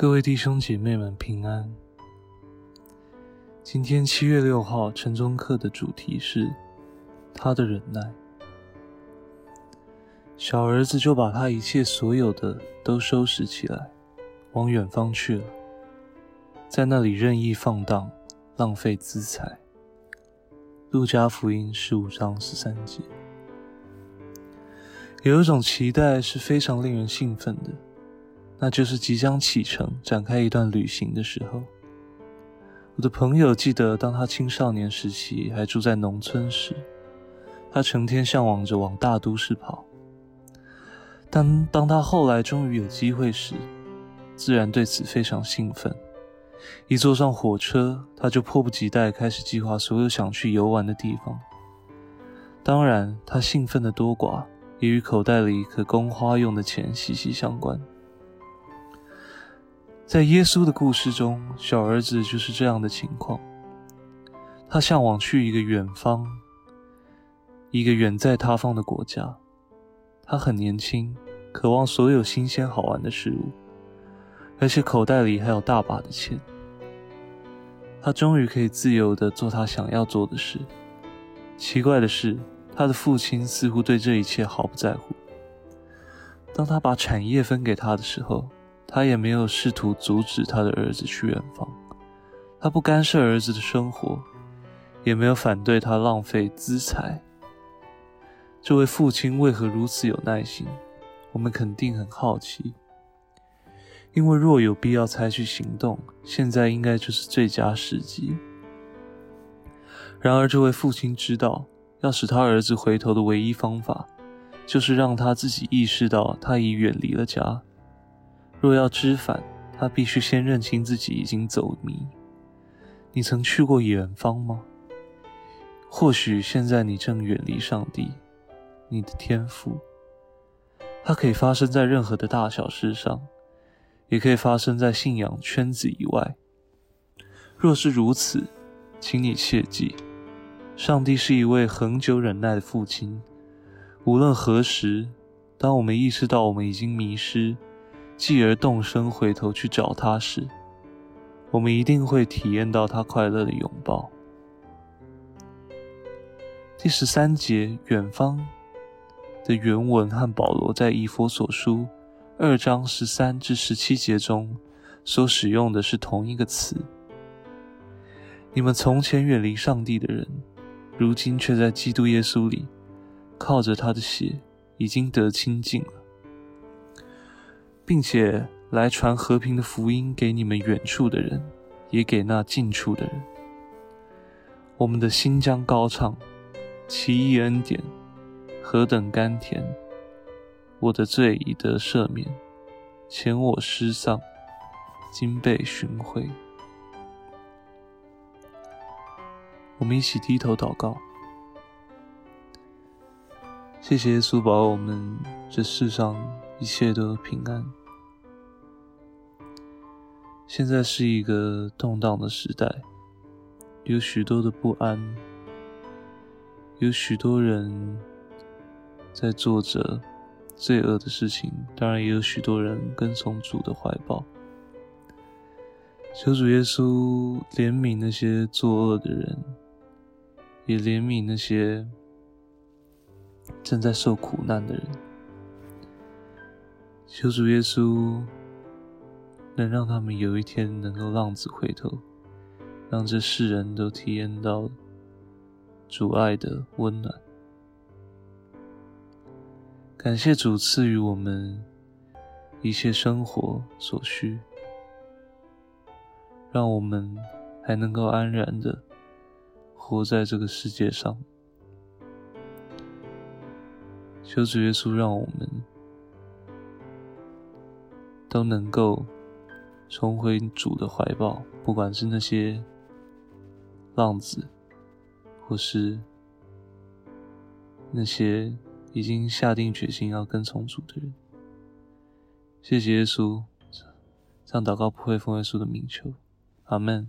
各位弟兄姐妹們平安。今天七月六號，晨鐘課的主題是他的忍耐。小兒子就把他一切所有的都收拾起來，往遠方去了，在那裡任意放蕩，浪費資財。路加福音十五章十三節。有一種期待是非常令人興奮的。那就是即將啟程展開一段旅行的時候。我的朋友記得，當他青少年時期還住在農村時，他成天嚮往着往大都市跑。但當他後來終於有機會時，自然對此非常興奮。一坐上火車，他就迫不及待開始計劃所有想去遊玩的地方。當然，他興奮的多寡也與口袋裡可供花用的錢息息相關。在耶穌的故事中，小兒子就是這樣的情況。他向往去一個遠方，一個遠在他方的國家。他很年輕，渴望所有新鮮好玩的事物，而且口袋裡還有大把的錢。他終於可以自由地做他想要做的事。奇怪的是，他的父親似乎對這一切毫不在乎。當他把產業分給他的時候，他也沒有試圖阻止他的兒子去遠方，他不干涉兒子的生活，也沒有反對他浪費資財。這位父親為何如此有耐心？我們肯定很好奇。因為若有必要採取行動，現在應該就是最佳時機。然而，這位父親知道，要使他兒子回頭的唯一方法，就是讓他自己意識到他已遠離了家。若要知返，他必須先認清自己已經走迷。你曾去過遠方嗎？或許現在你正遠離上帝。你的天賦，它可以發生在任何的大小事上，也可以發生在信仰圈子以外。若是如此，請你切記，上帝是一位恆久忍耐的父親。無論何時，當我們意識到我們已經迷失，繼而動身回頭去找他時，我們一定會體驗到他快樂的擁抱。第十三節“遠方”的原文和保羅在以弗所書二章十三至十七節中所使用的是同一個詞：“你們從前遠離上帝的人，如今卻在基督耶穌裡，靠着他的血，已經得清淨了。”並且來傳和平的福音給你們遠處的人，也給那近處的人。我們的心將高唱，奇異恩典，何等甘甜！我的罪已得赦免，前我失喪，今被尋回。我們一起低頭禱告，謝謝蘇寶，我們這世上一切都平安。現在是一個動盪的時代，有許多的不安，有許多人在做着罪惡的事情，當然也有許多人跟從主的懷抱。求主耶穌憐憫那些作惡的人，也憐憫那些正在受苦難的人。求主耶穌。能讓他們有一天能夠浪子回頭，讓這世人都體驗到主愛的溫暖。感謝主賜予我們一切生活所需，讓我們還能夠安然的活在這個世界上。求主耶穌讓我們都能夠。重回主的懷抱，不管是那些浪子，或是那些已經下定決心要跟從主的人，謝謝耶穌，這樣禱告不會奉耶穌的名求，阿門。